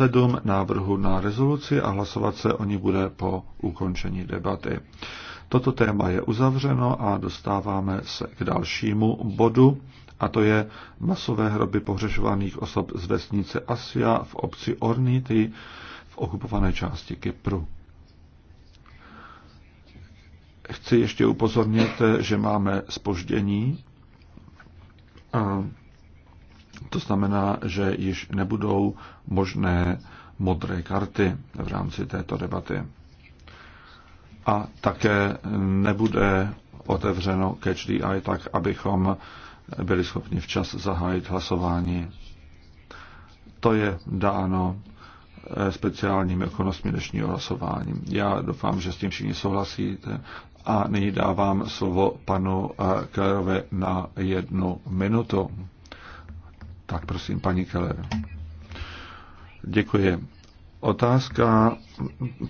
sedm návrhů na rezoluci a hlasovat se o ní bude po ukončení debaty. Toto téma je uzavřeno a dostáváme se k dalšímu bodu, a to je masové hroby pohřešovaných osob z vesnice Asia v obci Ornity v okupované části Kypru. Chci ještě upozornit, že máme spoždění. A to znamená, že již nebudou možné modré karty v rámci této debaty. A také nebude otevřeno catch the eye tak, abychom byli schopni včas zahájit hlasování. To je dáno eh, speciálními okolnostmi dnešního hlasování. Já doufám, že s tím všichni souhlasíte. A nyní dávám slovo panu Klerovi eh, na jednu minutu. Tak prosím, paní Keller. Děkuji. Otázka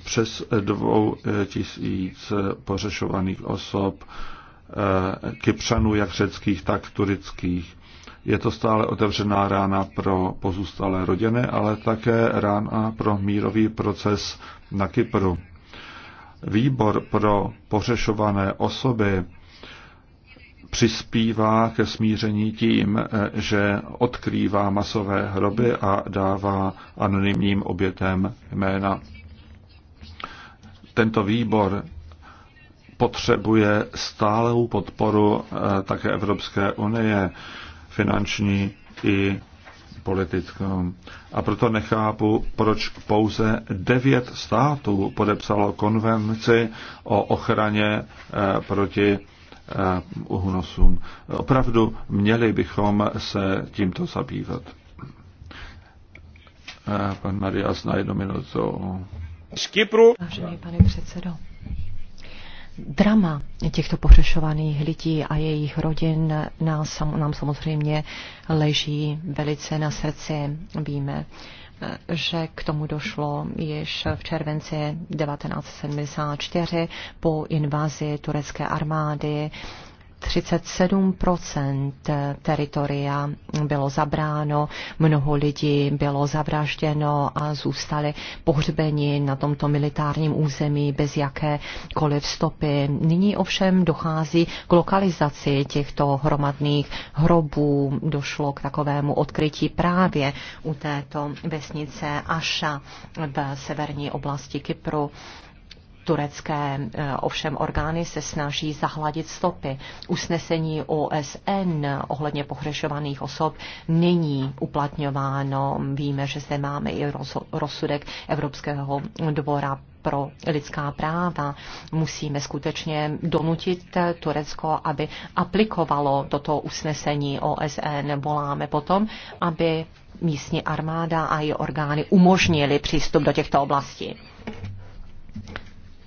přes dvou tisíc pořešovaných osob eh, Kypřanů, jak řeckých, tak turických. Je to stále otevřená rána pro pozůstalé rodiny, ale také rána pro mírový proces na Kypru. Výbor pro pořešované osoby přispívá ke smíření tím, že odkrývá masové hroby a dává anonymním obětem jména. Tento výbor potřebuje stálou podporu eh, také Evropské unie, finanční i politickou. A proto nechápu, proč pouze devět států podepsalo konvenci o ochraně eh, proti Eh, uhunosům. Opravdu měli bychom se tímto zabývat. Eh, pan Marias na jednu minutu. Z Kypru. Vážený pane předsedo, drama těchto pohřešovaných lidí a jejich rodin nás, nám samozřejmě leží velice na srdci. Víme že k tomu došlo již v červenci 1974 po invazi turecké armády 37 teritoria bylo zabráno, mnoho lidí bylo zavražděno a zůstali pohřbeni na tomto militárním území bez jakékoliv stopy. Nyní ovšem dochází k lokalizaci těchto hromadných hrobů. Došlo k takovému odkrytí právě u této vesnice Aša v severní oblasti Kypru. Turecké eh, ovšem orgány se snaží zahladit stopy. Usnesení OSN ohledně pohřešovaných osob není uplatňováno. Víme, že zde máme i rozsudek Evropského dvora pro lidská práva. Musíme skutečně donutit Turecko, aby aplikovalo toto usnesení OSN. Voláme potom, aby místní armáda a její orgány umožnili přístup do těchto oblastí.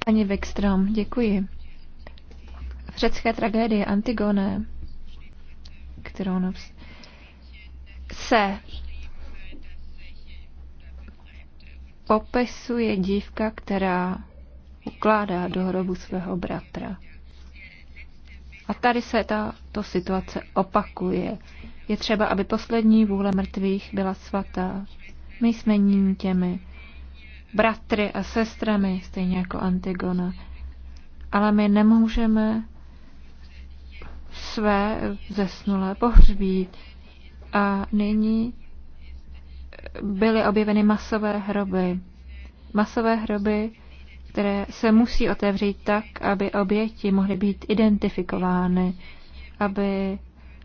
Paní Wikström, děkuji. V řecké tragédie Antigone, kterou nás se popisuje dívka, která ukládá do hrobu svého bratra. A tady se ta to situace opakuje. Je třeba, aby poslední vůle mrtvých byla svatá. My jsme ní těmi, bratry a sestrami, stejně jako Antigona. Ale my nemůžeme své zesnulé pohřbít. A nyní byly objeveny masové hroby. Masové hroby, které se musí otevřít tak, aby oběti mohly být identifikovány, aby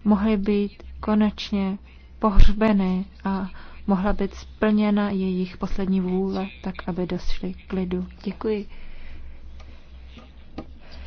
mohly být konečně pohřbeny a mohla být splněna jejich poslední vůle, tak aby došli k lidu. Děkuji.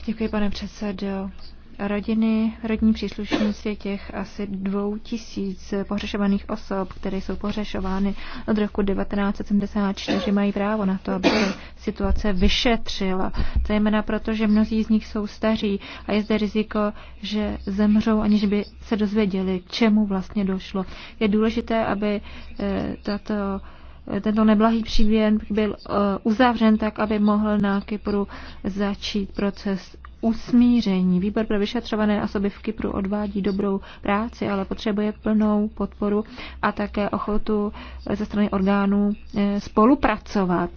Děkuji, pane předsedo rodiny, rodní příslušníci těch asi dvou tisíc pohřešovaných osob, které jsou pohřešovány od roku 1974, mají právo na to, aby se situace vyšetřila, zejména proto, že mnozí z nich jsou staří a je zde riziko, že zemřou, aniž by se dozvěděli, čemu vlastně došlo. Je důležité, aby eh, tato tento neblahý příběh byl eh, uzavřen tak, aby mohl na Kypru začít proces usmíření. Výbor pro vyšetřované osoby v Kypru odvádí dobrou práci, ale potřebuje plnou podporu a také ochotu eh, ze strany orgánů eh, spolupracovat.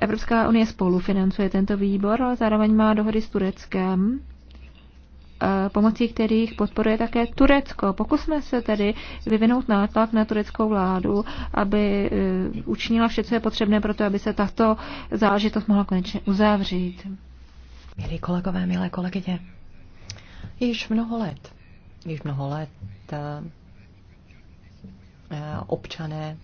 Evropská unie spolufinancuje tento výbor, ale zároveň má dohody s Tureckem Eh, pomocí kterých podporuje také Turecko. Pokusme se tedy vyvinout nátlak na tureckou vládu, aby eh, učinila vše, co je potřebné pro to, aby se tato záležitost mohla konečně uzavřít. Milí kolegové, milé kolegyně, již mnoho let, již mnoho let eh, občané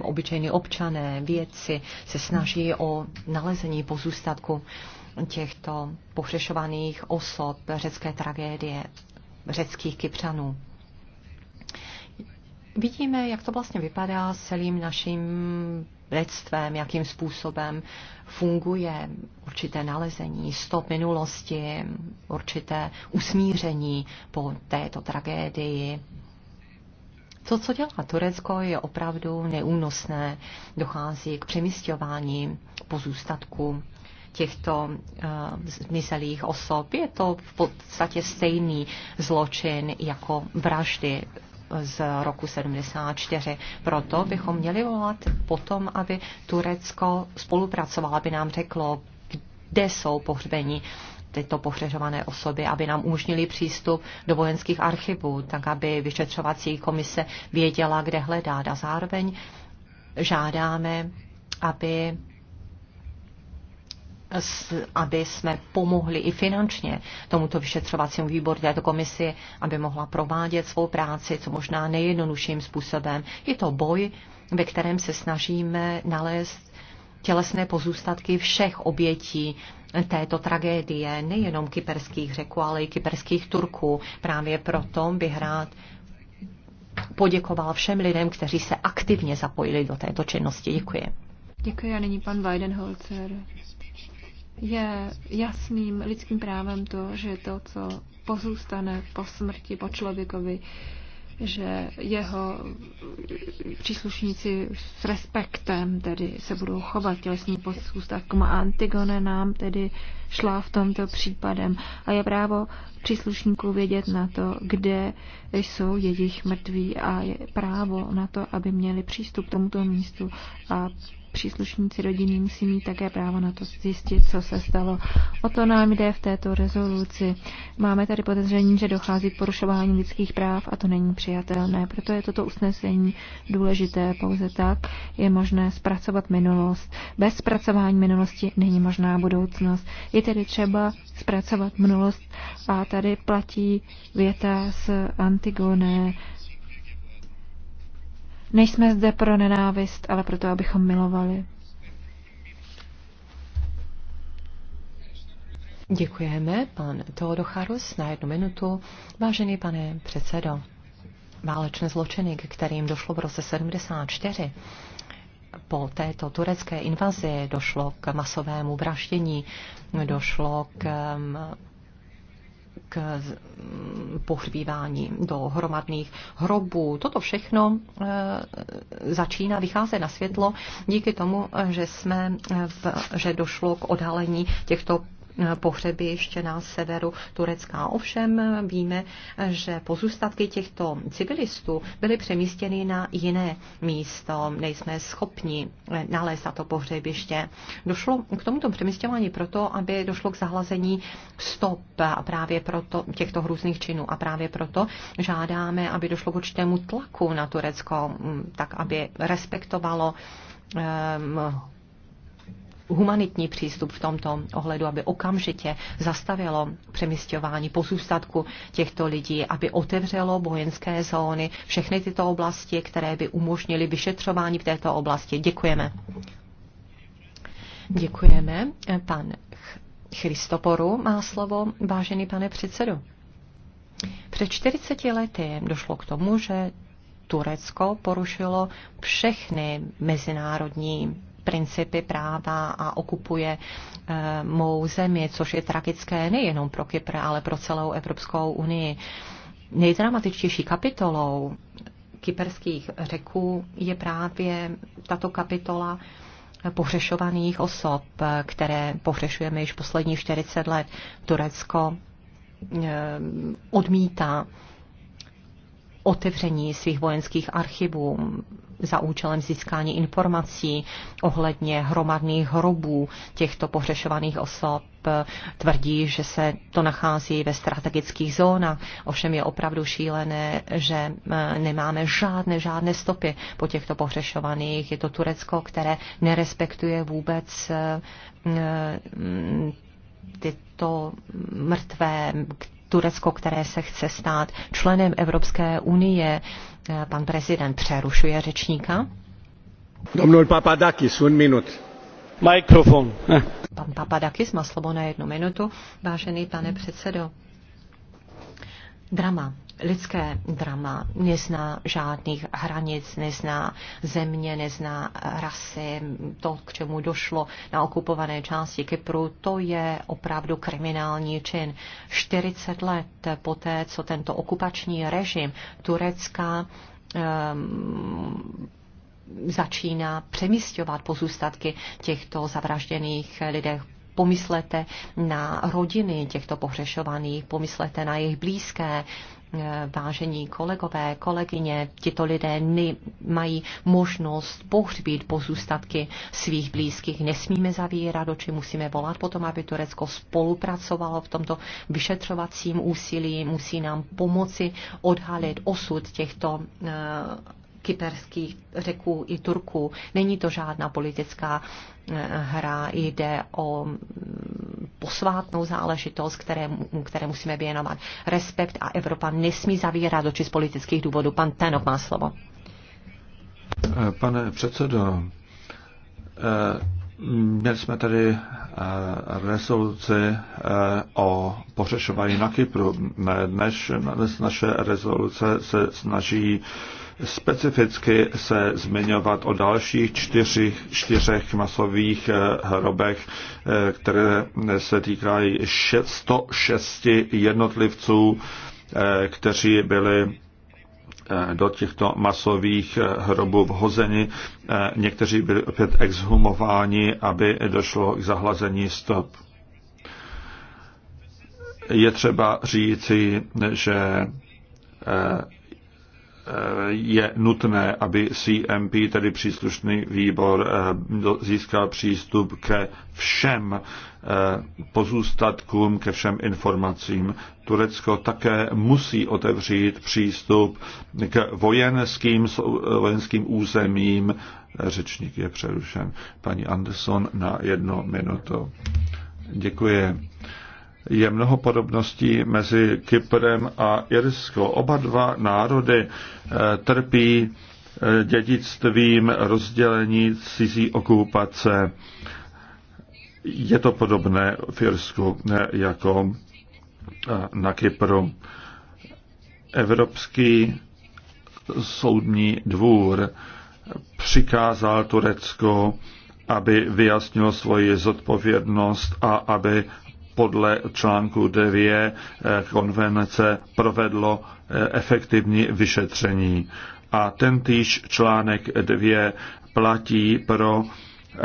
obyčejní občané, vědci se snaží o nalezení pozůstatku těchto pohřešovaných osob řecké tragédie, řeckých kypřanů. Vidíme, jak to vlastně vypadá s celým naším lidstvem, jakým způsobem funguje určité nalezení stop minulosti, určité usmíření po této tragédii. To, co dělá Turecko, je opravdu neúnosné. Dochází k přemysťování pozůstatků těchto eh, zmizelých osob. Je to v podstatě stejný zločin jako vraždy z roku 74. Proto bychom měli volat potom, aby Turecko spolupracovalo, aby nám řeklo, kde jsou pohřbení tyto pohřežované osoby, aby nám umožnili přístup do vojenských archivů, tak aby vyšetřovací komise věděla, kde hledá A zároveň žádáme, aby aby jsme pomohli i finančně tomuto vyšetřovacímu výboru této komisi, aby mohla provádět svou práci co možná nejjednodušším způsobem. Je to boj, ve kterém se snažíme nalézt tělesné pozůstatky všech obětí této tragédie, nejenom kyperských řeků, ale i kyperských Turků. Právě proto bych rád poděkoval všem lidem, kteří se aktivně zapojili do této činnosti. Děkuji. Děkuji a nyní pan Weidenholzer je jasným lidským právem to, že to, co pozůstane po smrti, po člověkovi, že jeho příslušníci s respektem tedy se budou chovat tělesní pozůstatkům jako a Antigone nám tedy šla v tomto případem a je právo příslušníků vědět na to, kde jsou jejich mrtví a je právo na to, aby měli přístup k tomuto místu a příslušníci rodiny musí mít také právo na to zjistit, co se stalo. O to nám jde v této rezoluci. Máme tady podezření, že dochází k porušování lidských práv a to není přijatelné. Proto je toto usnesení důležité. Pouze tak je možné zpracovat minulost. Bez zpracování minulosti není možná budoucnost. Je tedy třeba zpracovat minulost a tady platí věta z Antigone Nejsme zde pro nenávist, ale proto, abychom milovali. Děkujeme, pan Teodocharus, na jednu minutu. Vážený pane předsedo, válečné zločiny, k kterým došlo v roce 74, po této turecké invazi došlo k masovému vraždění, došlo k k pohřbívání do hromadných hrobů. Toto všechno eh, začíná vycházet na světlo díky tomu, že, jsme v, že došlo k odhalení těchto pohřebiště na severu Turecka. Ovšem víme, že pozůstatky těchto civilistů byly přemístěny na jiné místo. Nejsme schopni nalézt to pohřebiště. Došlo k tomuto přemístěvání proto, aby došlo k zahlazení stop a právě proto těchto hrůzných činů. A právě proto žádáme, aby došlo k určitému tlaku na Turecko, mm, tak aby respektovalo humanitní přístup v tomto ohledu, aby okamžitě zastavilo přemysťování pozůstatku těchto lidí, aby otevřelo vojenské zóny, všechny tyto oblasti, které by umožnily vyšetřování v této oblasti. Děkujeme. Děkujeme. Pan Christoporu má slovo, vážený pane předsedo. Před 40 lety došlo k tomu, že Turecko porušilo všechny mezinárodní principy práva a okupuje eh, mou zemi, což je tragické nejenom pro Kypr, ale pro celou Evropskou unii. Nejdramatičtější kapitolou kyperských řeků je právě tato kapitola pohřešovaných osob, které pohřešujeme již poslední 40 let. Turecko eh, odmítá otevření svých vojenských archivů za účelem získání informací ohledně hromadných hrobů těchto pohřešovaných osob. Tvrdí, že se to nachází ve strategických zónách. Ovšem je opravdu šílené, že e, nemáme žádné, žádné stopy po těchto pohřešovaných. Je to Turecko, které nerespektuje vůbec e, tyto mrtvé, Turecko, které se chce stát členem Evropské unie, Eh, pan prezident přerušuje řečníka. Domnul Papadakis, un minut. Mikrofon. Eh. Pan Papadakis má slovo na jednu minutu. Vážený pane předsedo, drama lidské drama nezná žádných hranic, nezná země, nezná rasy. To, k čemu došlo na okupované části Kypru, to je opravdu kriminální čin. 40 let poté, co tento okupační režim Turecka ehm, začíná přemysťovat pozůstatky těchto zavražděných lidech pomyslete na rodiny těchto pohřešovaných, pomyslete na jejich blízké, Eh, vážení kolegové, kolegyně, tito lidé mají možnost pohřbít pozůstatky svých blízkých. Nesmíme zavírat oči, musíme volat potom, aby Turecko spolupracovalo v tomto vyšetřovacím úsilí, musí nám pomoci odhalit osud těchto eh, kyperských řeků i Turků. Není to žádná politická eh, hra, jde o mm, posvátnou záležitost, které, mm, které musíme věnovat respekt a Evropa nesmí zavírat oči z politických důvodů. Pan Tenok má slovo. Eh, pane předsedo, eh, Měli jsme tady rezoluci o pořešování na Kypru. Dnes naše rezoluce se snaží Specificky se zmiňovat o dalších čtyřich, čtyřech masových eh, hrobech, eh, které se týkají 106 jednotlivců, eh, kteří byli do těchto masových hrobů vhozeni. Někteří byli opět exhumováni, aby došlo k zahlazení stop. Je třeba říci, že je nutné, aby CMP, tedy příslušný výbor, eh, získal přístup ke všem eh, pozůstatkům, ke všem informacím. Turecko také musí otevřít přístup k vojenským, vojenským územím. Řečník je přerušen. Paní Anderson na jedno minuto. Děkuji je mnoho podobností mezi Kyprem a Irsko. Oba dva národy eh, trpí eh, dědictvím rozdělení cizí okupace. Je to podobné v Irsku eh, jako na Kypru. Evropský soudní dvůr přikázal Turecku, aby vyjasnilo svoji zodpovědnost a aby podle článku 9 eh, konvence provedlo eh, efektivní vyšetření. A tentýž článek 2 platí pro eh,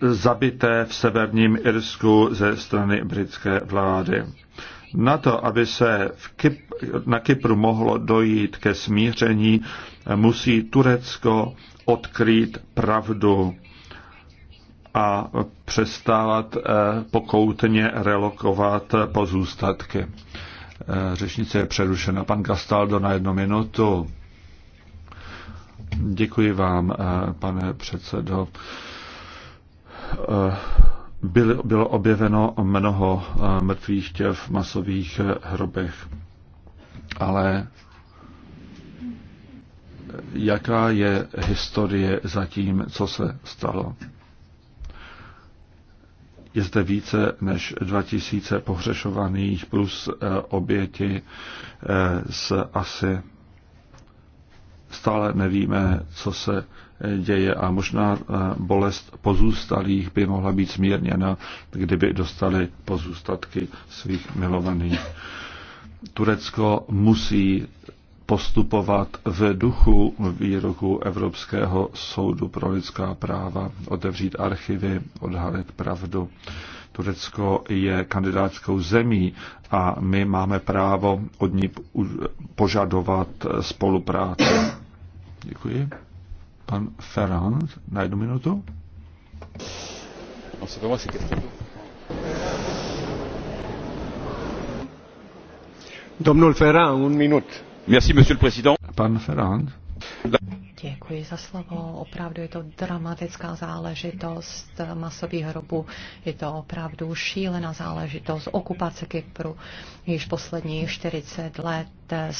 zabité v severním Irsku ze strany britské vlády. Na to, aby se v Kyp- na Kypru mohlo dojít ke smíření, musí Turecko odkrýt pravdu a přestávat eh, pokoutně relokovat pozůstatky. Eh, řečnice je přerušena. Pan Gastaldo na jednu minutu. Děkuji vám, eh, pane předsedo. Bylo objeveno mnoho mrtvých těl v masových hrobech, ale jaká je historie za tím, co se stalo? je zde více než 2000 pohřešovaných plus eh, oběti z eh, asi stále nevíme, co se eh, děje a možná bolest pozůstalých by mohla být smírněna, kdyby dostali pozůstatky svých milovaných. Turecko musí postupovat v duchu výroku Evropského soudu pro lidská práva, otevřít archivy, odhalit pravdu. Turecko je kandidátskou zemí a my máme právo od ní požadovat spolupráci. Děkuji. Pan Ferrand, na jednu minutu. Domnul Ferrand, un minut monsieur le président. Pan Ferrand. Děkuji za slovo. Opravdu je to dramatická záležitost masových hrobů. Je to opravdu šílená záležitost okupace Kypru již posledních 40 let Eh,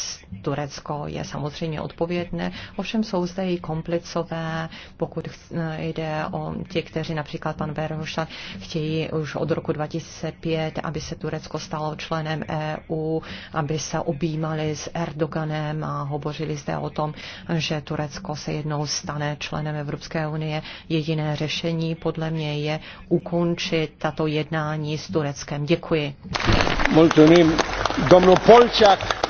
Turecko je samozřejmě odpovědné, ovšem jsou zde i komplicové, pokud eh, jde o ti, kteří například pan Verhošan chtějí už od roku 2005, aby se Turecko stalo členem EU, aby se objímali s Erdoganem a hovořili zde o tom, že Turecko se jednou stane členem Evropské unie. Jediné řešení podle mě je ukončit tato jednání s Tureckem. Děkuji. Mulțumim. Domnul Polčák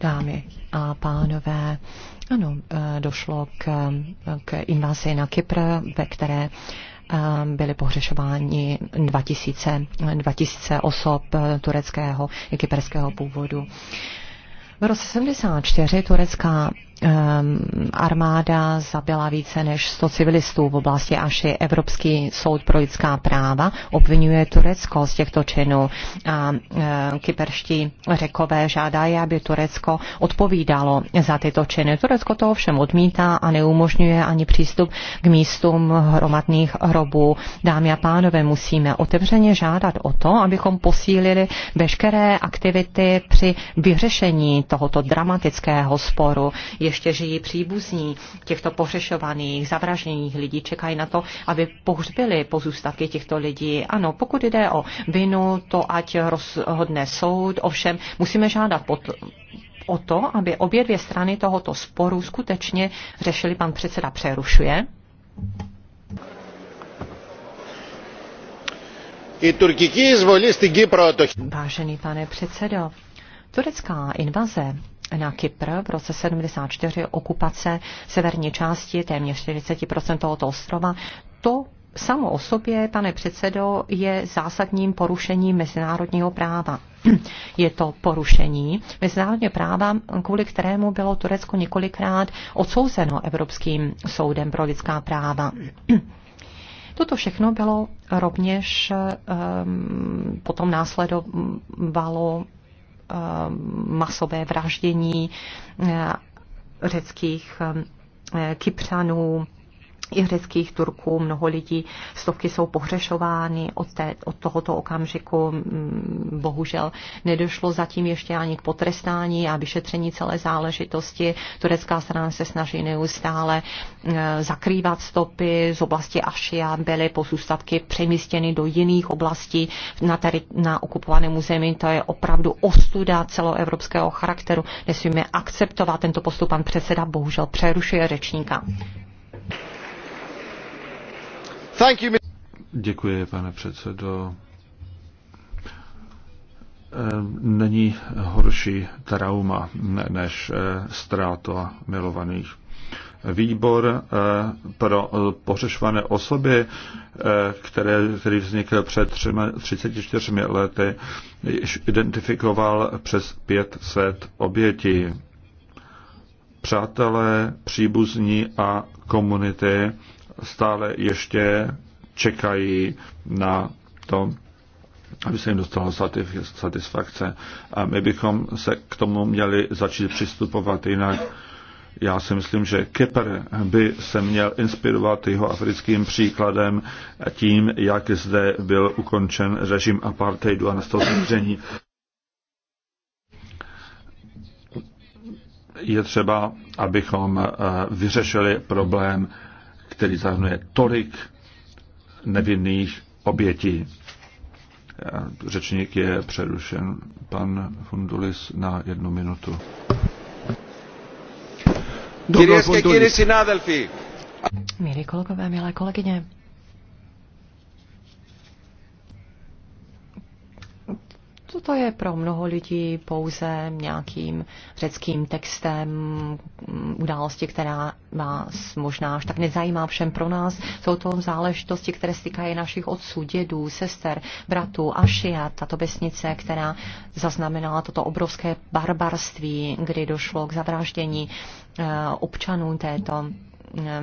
dámy a pánové. Ano, eh, došlo k, k invazi na Kypr, ve které eh, byly pohřešováni 2000, 2000 osob eh, tureckého i kyperského původu. V roce 74 turecká Ehm, armáda zabila více než 100 civilistů v oblasti je Evropský soud pro lidská práva obvinuje Turecko z těchto činů a ehm, kyperští řekové žádají, aby Turecko odpovídalo za tyto činy. Turecko to ovšem odmítá a neumožňuje ani přístup k místům hromadných hrobů. Dámy a pánové, musíme otevřeně žádat o to, abychom posílili veškeré aktivity při vyřešení tohoto dramatického sporu. Je ještě žijí příbuzní těchto pohřešovaných, zavražděných lidí, čekají na to, aby pohřbili pozůstatky těchto lidí. Ano, pokud jde o vinu, to ať rozhodne soud, ovšem musíme žádat pot- o to, aby obě dvě strany tohoto sporu skutečně řešili. Pan předseda přerušuje. Vážený pane předsedo, turecká invaze na Kypr v roce 74 okupace severní části, téměř 40% tohoto ostrova. To samo o sobě, pane předsedo, je zásadním porušením mezinárodního práva. Je to porušení mezinárodního práva, kvůli kterému bylo Turecko několikrát odsouzeno Evropským soudem pro lidská práva. Toto všechno bylo rovněž um, potom následovalo Eh, masové vraždění eh, řeckých eh, Kypřanů, i řeckých Turků, mnoho lidí, stovky jsou pohřešovány od, té, od tohoto okamžiku. Mm, bohužel nedošlo zatím ještě ani k potrestání a vyšetření celé záležitosti. Turecká strana se snaží neustále eh, zakrývat stopy z oblasti Ašia. Byly pozůstatky přemístěny do jiných oblastí na, teri, na okupovaném území. To je opravdu ostuda celoevropského charakteru. Nesmíme akceptovat tento postup. Pan předseda bohužel přerušuje řečníka. Děkuji, pane předsedo. Ehm, není horší trauma než eh, ztráta milovaných. Výbor eh, pro pořešované osoby, eh, které, který vznikl před 34 lety, již identifikoval přes 500 obětí. Přátelé, příbuzní a komunity stále ještě čekají na to, aby se jim dostalo satisfakce. A my bychom se k tomu měli začít přistupovat jinak. Já si myslím, že Kepr by se měl inspirovat jeho africkým příkladem tím, jak zde byl ukončen režim apartheidu a nastal zemření. Je třeba, abychom eh, vyřešili problém který zahrnuje tolik nevinných obětí. Řečník je přerušen. Pan Fundulis na jednu minutu. Dobrý, Fundulis. Milí kolegové, milé kolegyně, Toto je pro mnoho lidí pouze nějakým řeckým textem mm, události, která vás možná až tak nezajímá všem pro nás. Jsou to záležitosti, které stýkají našich otců, dědů, sester, bratů, Ašia, tato vesnice, která zaznamenala toto obrovské barbarství, kdy došlo k zavraždění eh, občanů této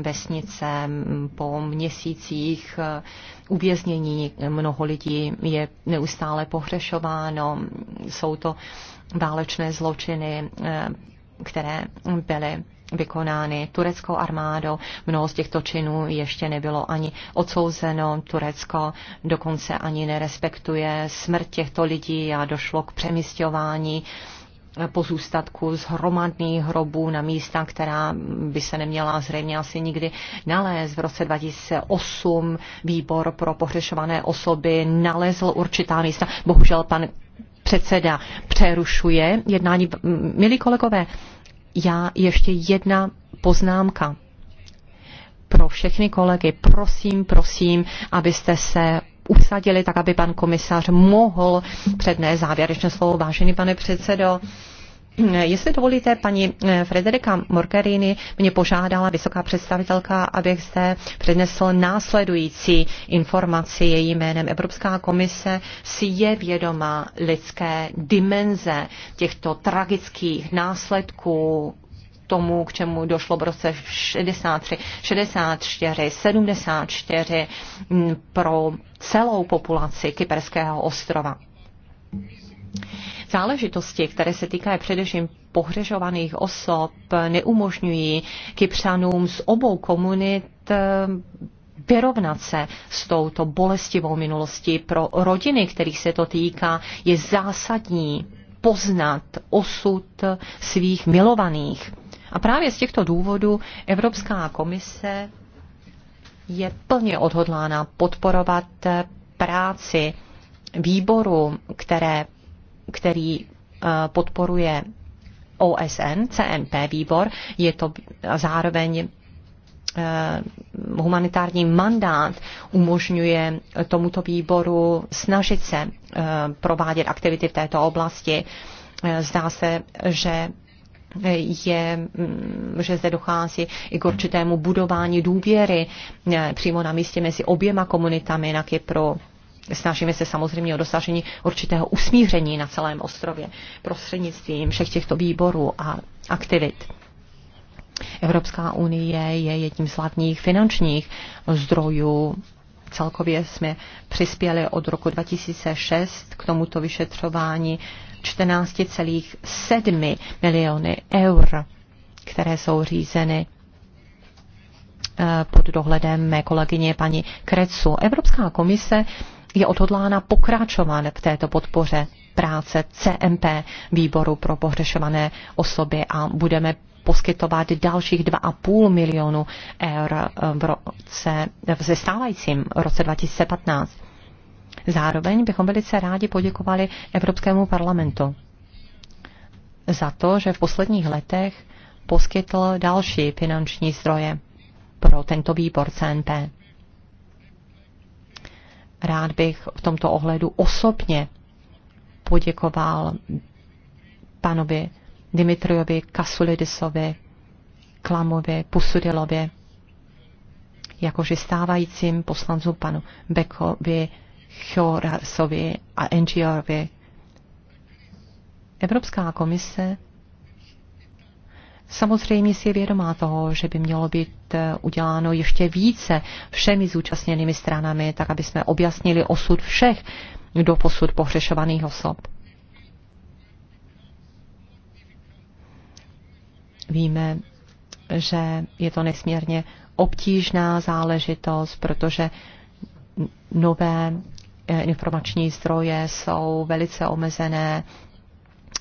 vesnice po měsících e, uvěznění mnoho lidí je neustále pohřešováno. Jsou to válečné zločiny, e, které byly vykonány tureckou armádou. Mnoho z těchto činů ještě nebylo ani odsouzeno. Turecko dokonce ani nerespektuje smrt těchto lidí a došlo k přemysťování uh, pozůstatků z hromadných hrobů na místa, která by se neměla zřejmě asi nikdy nalézt. V roce 2008 výbor pro pohřešované osoby nalezl určitá místa. Bohužel pan předseda přerušuje jednání. Milí kolegové, já ještě jedna poznámka pro všechny kolegy. Prosím, prosím, abyste se usadili, tak aby pan komisař mohl přednést závěrečné slovo. Vážený pane předsedo, Jestli dovolíte, paní eh, Frederika Morgerini mě požádala vysoká představitelka, abych zde přednesl následující informaci její jménem. Evropská komise si je vědoma lidské dimenze těchto tragických následků tomu, k čemu došlo v roce 63, 64, 74 pro celou populaci Kyperského ostrova. Záležitosti, které se týkají především pohřežovaných osob, neumožňují Kypřanům z obou komunit eh, vyrovnat se s touto bolestivou minulostí pro rodiny, kterých se to týká, je zásadní poznat osud svých milovaných. A právě z těchto důvodů Evropská komise je plně odhodlána podporovat práci výboru, které, který eh, podporuje OSN, CMP výbor, je to zároveň eh, humanitární mandát umožňuje tomuto výboru snažit se eh, provádět aktivity v této oblasti. Zdá se, že je, mm, že zde dochází i k určitému budování důvěry eh, přímo na místě mezi oběma komunitami na Kypru. Snažíme se samozřejmě o dosažení určitého usmíření na celém ostrově prostřednictvím všech těchto výborů a aktivit. Evropská unie je jedním z hlavních finančních zdrojů Celkově jsme přispěli od roku 2006 k tomuto vyšetřování 14,7 miliony eur, které jsou řízeny eh, pod dohledem mé kolegyně paní Krecu. Evropská komise je odhodlána pokračovat v této podpoře práce CMP výboru pro pohřešované osoby a budeme poskytovat dalších 2,5 milionu eur eh, v roce, eh, v stávajícím roce 2015. Zároveň bychom velice rádi poděkovali Evropskému parlamentu za to, že v posledních letech poskytl další finanční zdroje pro tento výbor CNP. Rád bych v tomto ohledu osobně poděkoval panovi Dimitriovi, Kasulidisovi, Klamovi, Pusudilovi, jakože stávajícím poslancům panu Bekovi, Chorasovi a NGOvi. Evropská komise samozřejmě si je vědomá toho, že by mělo být eh, uděláno ještě více všemi zúčastněnými stranami, tak aby jsme objasnili osud všech do posud pohřešovaných osob. Víme, že je to nesmírně obtížná záležitost, protože nové eh, informační zdroje jsou velice omezené,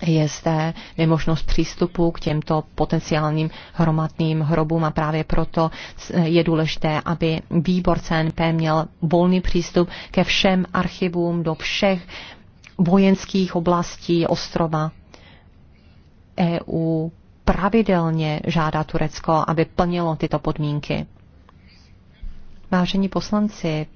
je zde nemožnost přístupu k těmto potenciálním hromadným hrobům a právě proto je důležité, aby výbor CNP měl volný přístup ke všem archivům do všech vojenských oblastí ostrova EU pravidelně žádá Turecko, aby plnilo tyto podmínky. Vážení poslanci,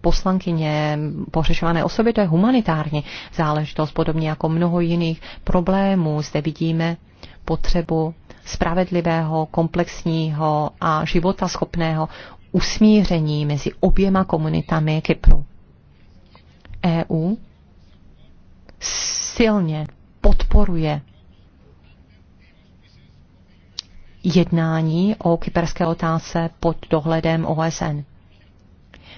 poslankyně, pořešované osoby, to je humanitární záležitost, podobně jako mnoho jiných problémů. Zde vidíme potřebu spravedlivého, komplexního a života schopného usmíření mezi oběma komunitami Kypru. EU silně podporuje jednání o kyperské otázce pod dohledem OSN.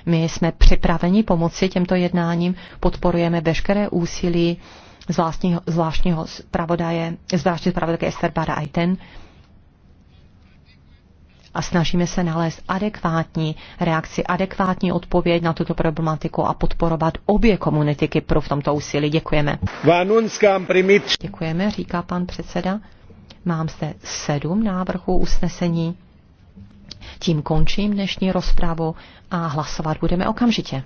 My jsme připraveni pomoci těmto jednáním, podporujeme veškeré úsilí zvláštního, zvláštního zpravodaje, zvláště zpravodajky Esther Bada Aiten a snažíme se nalézt adekvátní reakci, adekvátní odpověď na tuto problematiku a podporovat obě komunity Kypru v tomto úsilí. Děkujeme. Děkujeme, říká pan předseda. Mám zde sedm návrhů usnesení. Tím končím dnešní rozpravu a hlasovat budeme okamžitě.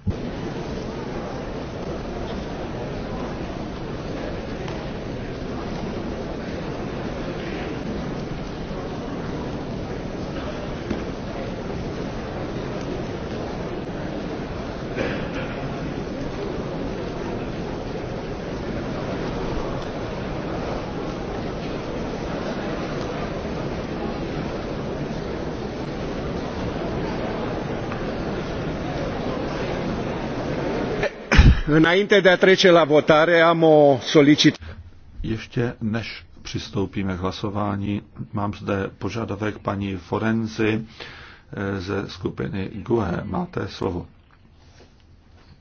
Înainte de a trece la votare, am o solicit... Ještě než přistoupíme k hlasování, mám zde požadavek paní Forenzi eh, ze skupiny GUE. Máte slovo.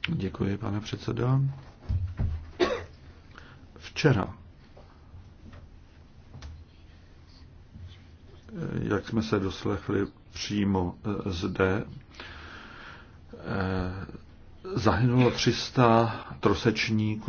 Děkuji, pane předsedo. Včera, eh, jak jsme se doslechli přímo eh, zde, zahynulo 300 trosečníků.